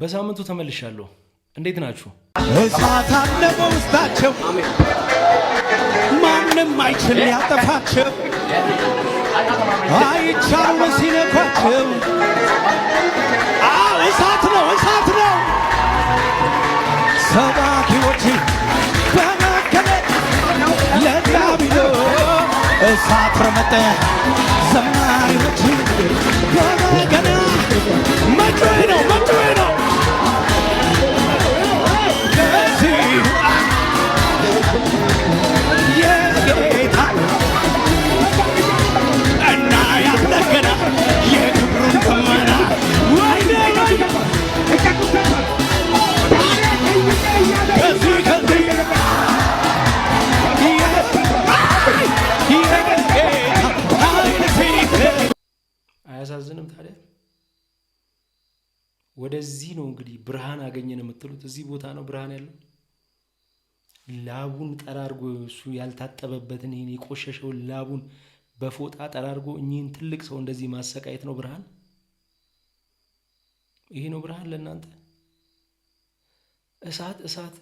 በሳምንቱ ተመልሻለሁ። እንዴት ናችሁ? እሳት አለ በውስጣቸው፣ ማንም አይችል ያጠፋቸው፣ አይቻሉ ሲነኳቸው። አዎ እሳት ነው፣ እሳት ነው። ሰባኪዎች በመከለ ለዳቢሎ እሳት ረመጠ ዘማሪዎች በመገና መጮ ነው፣ መጮ ነው ወደዚህ ነው እንግዲህ ብርሃን አገኘን የምትሉት። እዚህ ቦታ ነው ብርሃን ያለው። ላቡን ጠራርጎ እሱ ያልታጠበበትን ይህን የቆሸሸውን ላቡን በፎጣ ጠራርጎ እኚህን ትልቅ ሰው እንደዚህ ማሰቃየት ነው ብርሃን። ይሄ ነው ብርሃን ለእናንተ። እሳት እሳት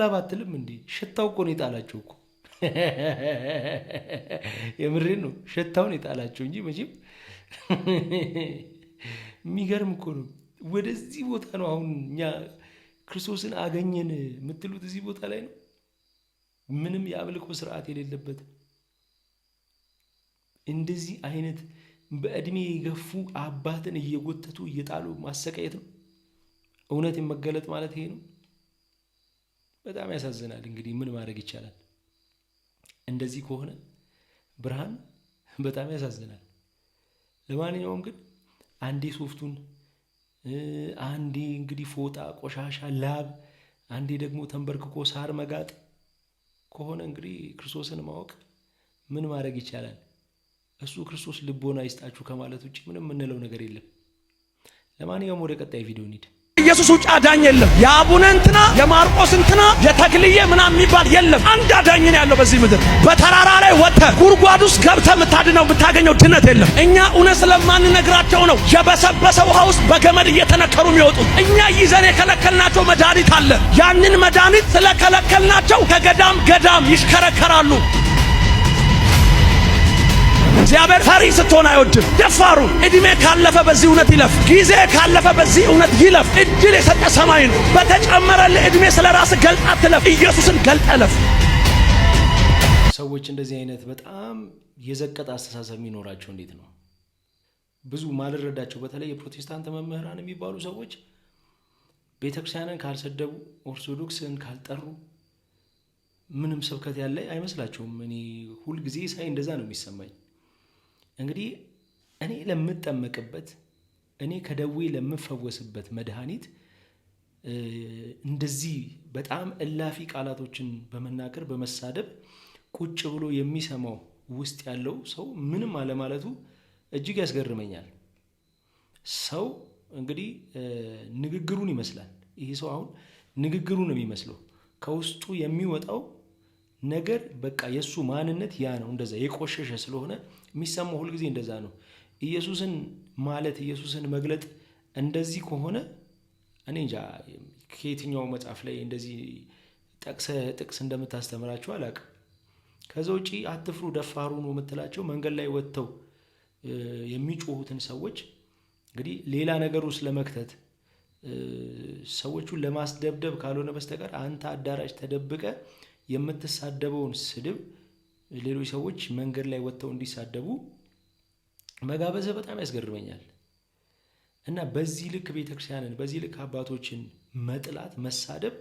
ላብ አትልም እንዴ? ሽታው እኮ ነው የጣላቸው እኮ የምሬን ነው። ሽታውን የጣላቸው እንጂ መቼም የሚገርም እኮ ነው። ወደዚህ ቦታ ነው አሁን እኛ ክርስቶስን አገኘን የምትሉት እዚህ ቦታ ላይ ነው። ምንም የአምልኮ ስርዓት የሌለበት እንደዚህ አይነት በእድሜ የገፉ አባትን እየጎተቱ እየጣሉ ማሰቃየት ነው። እውነት የመገለጥ ማለት ይሄ ነው። በጣም ያሳዝናል። እንግዲህ ምን ማድረግ ይቻላል? እንደዚህ ከሆነ ብርሃን በጣም ያሳዝናል። ለማንኛውም ግን አንዴ ሶፍቱን፣ አንዴ እንግዲህ ፎጣ፣ ቆሻሻ፣ ላብ፣ አንዴ ደግሞ ተንበርክኮ ሳር መጋጥ ከሆነ እንግዲህ ክርስቶስን ማወቅ ምን ማድረግ ይቻላል? እሱ ክርስቶስ ልቦና ይስጣችሁ ከማለት ውጭ ምንም የምንለው ነገር የለም። ለማንኛውም ወደ ቀጣይ ቪዲዮ እንሂድ። ኢየሱስ ውጭ አዳኝ የለም። የአቡነ እንትና የማርቆስ እንትና የተክልዬ ምናም የሚባል የለም። አንድ አዳኝ ነው ያለው በዚህ ምድር። በተራራ ላይ ወተ ጉድጓድ ውስጥ ገብተ የምታድነው የምታገኘው ድነት የለም። እኛ እውነት ስለማንነግራቸው ነው የበሰበሰ ውሃ ውስጥ በገመድ እየተነከሩ የሚወጡት። እኛ ይዘን የከለከልናቸው መድኃኒት አለ። ያንን መድኃኒት ስለከለከልናቸው ከገዳም ገዳም ይሽከረከራሉ። እግዚአብሔር ፈሪ ስትሆን አይወድም። ደፋሩ እድሜ ካለፈ በዚህ እውነት ይለፍ፣ ጊዜ ካለፈ በዚህ እውነት ይለፍ። እድል የሰጠ ሰማይ ነው። በተጨመረልህ እድሜ ስለ ራስ ገልጣ ትለፍ። ኢየሱስን ገልጠ ለፍ። ሰዎች እንደዚህ አይነት በጣም የዘቀጠ አስተሳሰብ የሚኖራቸው እንዴት ነው? ብዙ ማልረዳቸው በተለይ የፕሮቴስታንት መምህራን የሚባሉ ሰዎች ቤተክርስቲያንን ካልሰደቡ ኦርቶዶክስን ካልጠሩ ምንም ስብከት ያለ አይመስላችሁም። እኔ ሁልጊዜ ሳይ እንደዛ ነው የሚሰማኝ። እንግዲህ እኔ ለምጠመቅበት እኔ ከደዌ ለምፈወስበት መድኃኒት እንደዚህ በጣም እላፊ ቃላቶችን በመናገር በመሳደብ ቁጭ ብሎ የሚሰማው ውስጥ ያለው ሰው ምንም አለማለቱ እጅግ ያስገርመኛል። ሰው እንግዲህ ንግግሩን ይመስላል። ይህ ሰው አሁን ንግግሩ ነው የሚመስለው። ከውስጡ የሚወጣው ነገር በቃ የእሱ ማንነት ያ ነው። እንደዛ የቆሸሸ ስለሆነ የሚሰማው ሁልጊዜ እንደዛ ነው። ኢየሱስን ማለት ኢየሱስን መግለጥ እንደዚህ ከሆነ እኔ እንጃ ከየትኛው መጽሐፍ ላይ እንደዚህ ጠቅሰ ጥቅስ እንደምታስተምራቸው አላውቅም። ከዛ ውጪ አትፍሩ ደፋሩ ነው የምትላቸው መንገድ ላይ ወጥተው የሚጮሁትን ሰዎች እንግዲህ ሌላ ነገር ውስጥ ለመክተት ሰዎቹን ለማስደብደብ ካልሆነ በስተቀር አንተ አዳራሽ ተደብቀ የምትሳደበውን ስድብ ሌሎች ሰዎች መንገድ ላይ ወጥተው እንዲሳደቡ መጋበዘ በጣም ያስገርመኛል። እና በዚህ ልክ ቤተክርስቲያንን በዚህ ልክ አባቶችን መጥላት መሳደብ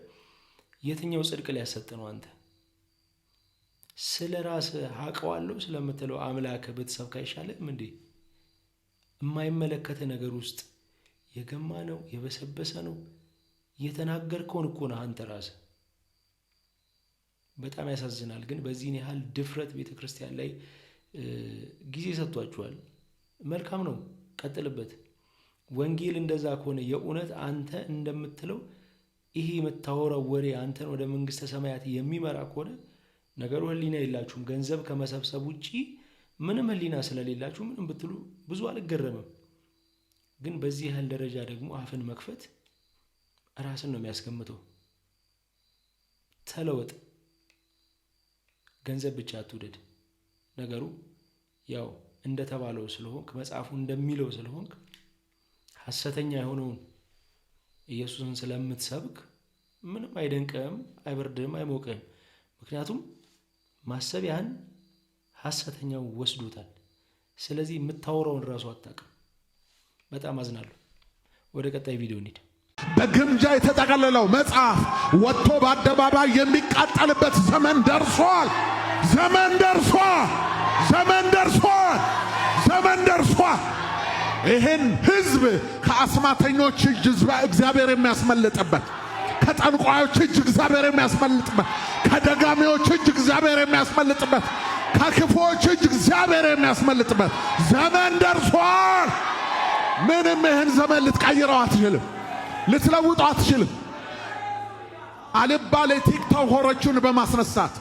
የትኛው ጽድቅ ሊያሰጥ ነው? አንተ ስለ ራስህ አውቀዋለሁ ስለምትለው አምላክ ብትሰብክ አይሻልም እንዴ? የማይመለከተ ነገር ውስጥ የገማ ነው የበሰበሰ ነው የተናገርከውን እኮ ነህ አንተ ራስህ በጣም ያሳዝናል። ግን በዚህን ያህል ድፍረት ቤተ ክርስቲያን ላይ ጊዜ ሰጥቷችኋል። መልካም ነው፣ ቀጥልበት። ወንጌል እንደዛ ከሆነ የእውነት አንተ እንደምትለው ይሄ የምታወራው ወሬ አንተን ወደ መንግስተ ሰማያት የሚመራ ከሆነ ነገሩ ህሊና የላችሁም። ገንዘብ ከመሰብሰብ ውጪ ምንም ህሊና ስለሌላችሁ ምንም ብትሉ ብዙ አልገረምም። ግን በዚህ ያህል ደረጃ ደግሞ አፍን መክፈት ራስን ነው የሚያስገምተው። ተለወጥ። ገንዘብ ብቻ አትውደድ። ነገሩ ያው እንደተባለው ስለሆንክ መጽሐፉ እንደሚለው ስለሆንክ ሐሰተኛ የሆነውን ኢየሱስን ስለምትሰብክ ምንም አይደንቅም አይበርድም፣ አይሞቅም ምክንያቱም ማሰቢያን ሐሰተኛው ወስዶታል። ስለዚህ የምታወራውን ራሱ አታውቅም። በጣም አዝናለሁ። ወደ ቀጣይ ቪዲዮ እንሂድ። በግምጃ የተጠቀለለው መጽሐፍ ወጥቶ በአደባባይ የሚቃጠልበት ዘመን ደርሷል። ዘመን ደርሷ ዘመን ደርሷል። ዘመን ደርሷ ይህን ህዝብ ከአስማተኞች እጅ እግዚአብሔር የሚያስመልጥበት ከጠንቋዮች እጅ እግዚአብሔር የሚያስመልጥበት ከደጋሚዎች እጅ እግዚአብሔር የሚያስመልጥበት ከክፉዎች እጅ እግዚአብሔር የሚያስመልጥበት ዘመን ደርሷል። ምንም ይህን ዘመን ልትቀይረው አትችልም፣ ልትለውጠው አትችልም። አልባሌ ቲክቶከሮቹን በማስነሳት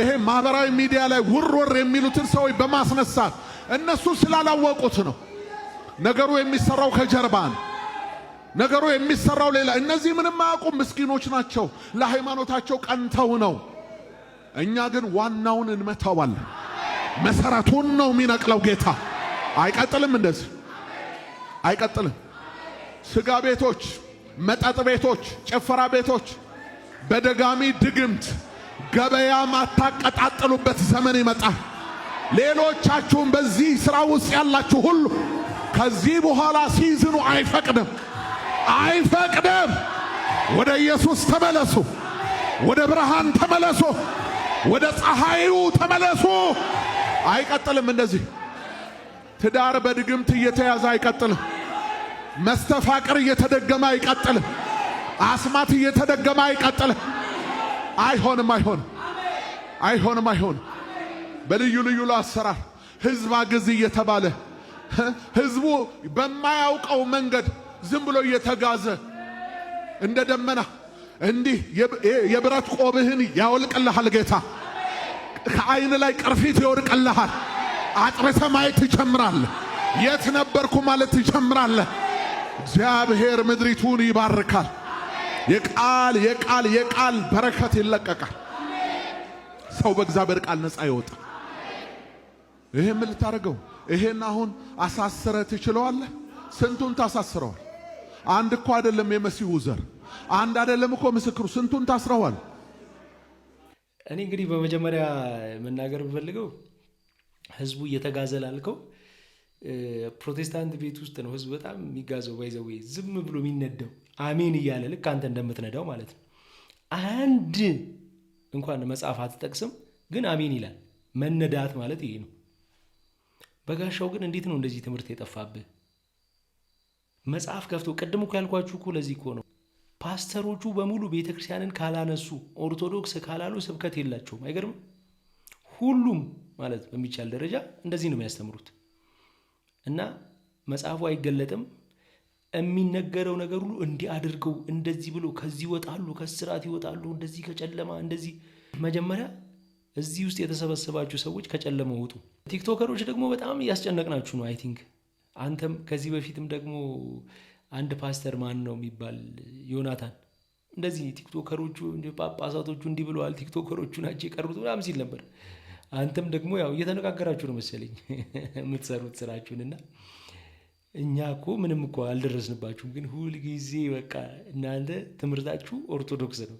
ይሄ ማህበራዊ ሚዲያ ላይ ውርወር የሚሉትን ሰዎች በማስነሳት እነሱ ስላላወቁት ነው። ነገሩ የሚሰራው ከጀርባ ነው። ነገሩ የሚሰራው ሌላ። እነዚህ ምንም አያውቁም፣ ምስኪኖች ናቸው። ለሃይማኖታቸው ቀንተው ነው። እኛ ግን ዋናውን እንመታዋለን። መሰረቱን ነው የሚነቅለው ጌታ። አይቀጥልም፣ እንደዚህ አይቀጥልም። ስጋ ቤቶች፣ መጠጥ ቤቶች፣ ጭፈራ ቤቶች በደጋሚ ድግምት ገበያ ማታቀጣጥሉበት ዘመን ይመጣል። ሌሎቻችሁም በዚህ ሥራ ውስጥ ያላችሁ ሁሉ ከዚህ በኋላ ሲዝኑ አይፈቅድም፣ አይፈቅድም። ወደ ኢየሱስ ተመለሱ፣ ወደ ብርሃን ተመለሱ፣ ወደ ፀሐዩ ተመለሱ። አይቀጥልም እንደዚህ ትዳር በድግምት እየተያዘ አይቀጥልም። መስተፋቅር እየተደገመ አይቀጥልም። አስማት እየተደገመ አይቀጥልም። አይሆንም፣ አይሆን አይሆንም፣ አይሆን በልዩ ልዩ አሰራር ህዝብ አግዝ እየተባለ ህዝቡ በማያውቀው መንገድ ዝም ብሎ እየተጋዘ እንደ ደመና እንዲህ የብረት ቆብህን ያወልቅልሃል ጌታ። ከአይን ላይ ቅርፊት ይወድቅልሃል። አጥርተ ማየት ትጀምራለህ። የት ነበርኩ ማለት ትጀምራለህ። እግዚአብሔር ምድሪቱን ይባርካል። የቃል የቃል የቃል በረከት ይለቀቃል። ሰው በእግዚአብሔር ቃል ነፃ ይወጣ። ይሄ ምን ልታደርገው? ይሄን አሁን አሳስረ ትችለዋለህ? ስንቱን ታሳስረዋል? አንድ እኮ አይደለም የመሲሁ ዘር አንድ አይደለም እኮ ምስክሩ፣ ስንቱን ታስረዋል። እኔ እንግዲህ በመጀመሪያ መናገር የምፈልገው ህዝቡ እየተጋዘ ላልከው ፕሮቴስታንት ቤት ውስጥ ነው ህዝብ በጣም የሚጋዘው። ባይዘዌ ዝም ብሎ የሚነዳው አሜን እያለ ልክ አንተ እንደምትነዳው ማለት ነው። አንድ እንኳን መጽሐፍ አትጠቅስም፣ ግን አሜን ይላል። መነዳት ማለት ይሄ ነው። በጋሻው ግን እንዴት ነው እንደዚህ ትምህርት የጠፋብህ? መጽሐፍ ከፍቶ ቅድም እኮ ያልኳችሁ እኮ ለዚህ እኮ ነው ፓስተሮቹ በሙሉ ቤተ ክርስቲያንን ካላነሱ ኦርቶዶክስ ካላሉ ስብከት የላቸውም። አይገርምም? ሁሉም ማለት በሚቻል ደረጃ እንደዚህ ነው የሚያስተምሩት። እና መጽሐፉ አይገለጥም። የሚነገረው ነገር ሁሉ እንዲህ አድርገው፣ እንደዚህ ብሎ ከዚህ ይወጣሉ፣ ከስራት ይወጣሉ፣ እንደዚህ ከጨለማ እንደዚህ። መጀመሪያ እዚህ ውስጥ የተሰበሰባችሁ ሰዎች ከጨለማ ውጡ። ቲክቶከሮች ደግሞ በጣም እያስጨነቅናችሁ ነው። አይ ቲንክ አንተም ከዚህ በፊትም ደግሞ አንድ ፓስተር ማን ነው የሚባል ዮናታን እንደዚህ ቲክቶከሮቹ ጳጳሳቶቹ እንዲህ ብለዋል፣ ቲክቶከሮቹ ናቸው የቀሩት ምናምን ሲል ነበር። አንተም ደግሞ ያው እየተነጋገራችሁ ነው መሰለኝ የምትሰሩት ስራችሁንና እኛ እኮ ምንም እኮ አልደረስንባችሁም፣ ግን ሁልጊዜ በቃ እናንተ ትምህርታችሁ ኦርቶዶክስ ነው።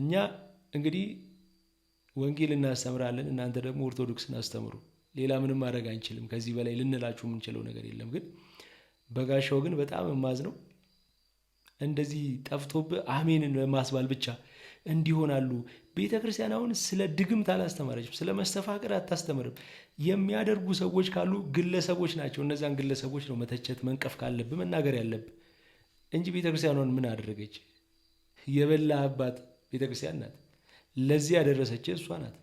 እኛ እንግዲህ ወንጌል እናስተምራለን፣ እናንተ ደግሞ ኦርቶዶክስን አስተምሩ። ሌላ ምንም ማድረግ አንችልም። ከዚህ በላይ ልንላችሁ የምንችለው ነገር የለም። ግን በጋሻው ግን በጣም የማዝ ነው እንደዚህ ጠፍቶብህ አሜንን በማስባል ብቻ እንዲሆናሉ ቤተ ክርስቲያን አሁን ስለ ድግምት አላስተማረችም፣ ስለ መስተፋቅር አታስተምርም። የሚያደርጉ ሰዎች ካሉ ግለሰቦች ናቸው። እነዚን ግለሰቦች ነው መተቸት፣ መንቀፍ ካለብ መናገር ያለብ እንጂ ቤተ ክርስቲያኗን ምን አደረገች? አባት ቤተ ክርስቲያን ናት። ለዚህ ያደረሰች እሷ ናት።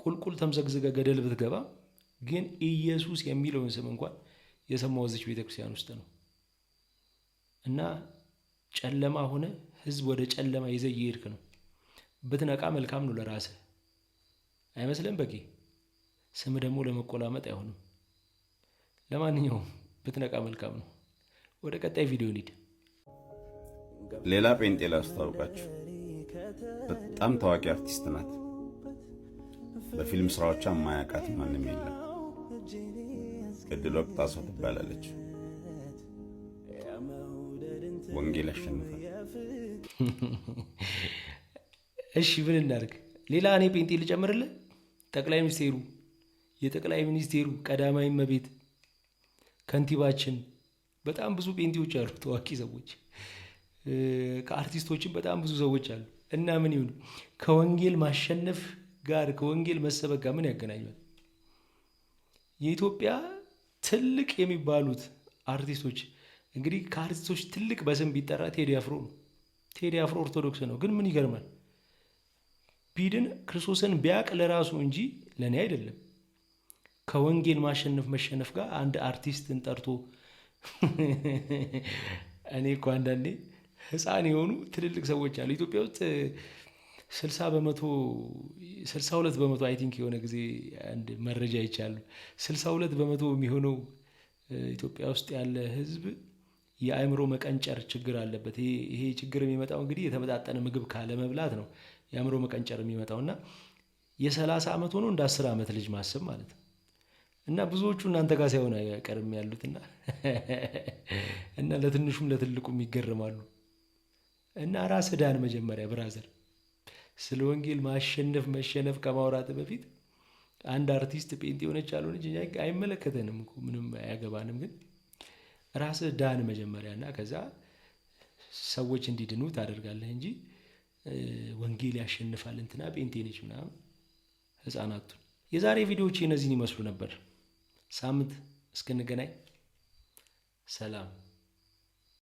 ቁልቁል ተምዘግዝገ ገደል ብትገባ ግን ኢየሱስ የሚለውን ስም እንኳን የሰማው እዚች ቤተ ክርስቲያን ውስጥ ነው እና ጨለማ ሆነ ህዝብ ወደ ጨለማ ይዘ እየሄድክ ነው። ብትነቃ መልካም ነው ለራስ አይመስልም? በቂ ስም ደግሞ ለመቆላመጥ አይሆንም። ለማንኛውም ብትነቃ መልካም ነው። ወደ ቀጣይ ቪዲዮ እንሂድ። ሌላ ጴንጤ ላስታውቃችሁ። በጣም ታዋቂ አርቲስት ናት። በፊልም ስራዎቿ ማያውቃት ማንም የለም። እድል ወቅት አሰው ትባላለች። ወንጌል አሸንፋል። እሺ ምን እናድርግ? ሌላ እኔ ጴንጤ ልጨምርልህ። ጠቅላይ ሚኒስቴሩ የጠቅላይ ሚኒስቴሩ ቀዳማዊ እመቤት ከንቲባችን፣ በጣም ብዙ ጴንጤዎች አሉ፣ ታዋቂ ሰዎች ከአርቲስቶችን በጣም ብዙ ሰዎች አሉ። እና ምን ይሁን ከወንጌል ማሸነፍ ጋር ከወንጌል መሰበክ ጋር ምን ያገናኛል? የኢትዮጵያ ትልቅ የሚባሉት አርቲስቶች እንግዲህ ከአርቲስቶች ትልቅ በስም ቢጠራ ቴዲ አፍሮ ነው። ቴዲ አፍሮ ኦርቶዶክስ ነው። ግን ምን ይገርማል ቢድን ክርስቶስን ቢያቅ ለራሱ እንጂ ለእኔ አይደለም። ከወንጌል ማሸነፍ መሸነፍ ጋር አንድ አርቲስትን ጠርቶ እኔ እኮ አንዳንዴ ህፃን የሆኑ ትልልቅ ሰዎች አሉ ኢትዮጵያ ውስጥ ስልሳ በመቶ ስልሳ ሁለት በመቶ አይ ቲንክ የሆነ ጊዜ አንድ መረጃ ይቻሉ ስልሳ ሁለት በመቶ የሚሆነው ኢትዮጵያ ውስጥ ያለ ህዝብ የአእምሮ መቀንጨር ችግር አለበት። ይሄ ችግር የሚመጣው እንግዲህ የተመጣጠነ ምግብ ካለመብላት ነው። የአእምሮ መቀንጨር የሚመጣው እና የሰላሳ ዓመት ሆኖ እንደ አስር ዓመት ልጅ ማሰብ ማለት ነው እና ብዙዎቹ እናንተ ጋር ሳይሆን አይቀርም ያሉትና እና ለትንሹም ለትልቁም ይገርማሉ። እና ራስ ዳን መጀመሪያ ብራዘር ስለ ወንጌል ማሸነፍ መሸነፍ ከማውራት በፊት አንድ አርቲስት ጴንጤ የሆነች አልሆነች አይመለከተንም ምንም አያገባንም። ግን ራስ ዳን መጀመሪያ እና ከዛ ሰዎች እንዲድኑ ታደርጋለህ እንጂ ወንጌል ያሸንፋል እንትና ጴንጤ ነች ምናምን ህፃናቱን። የዛሬ ቪዲዮዎች እነዚህን ይመስሉ ነበር። ሳምንት እስክንገናኝ ሰላም።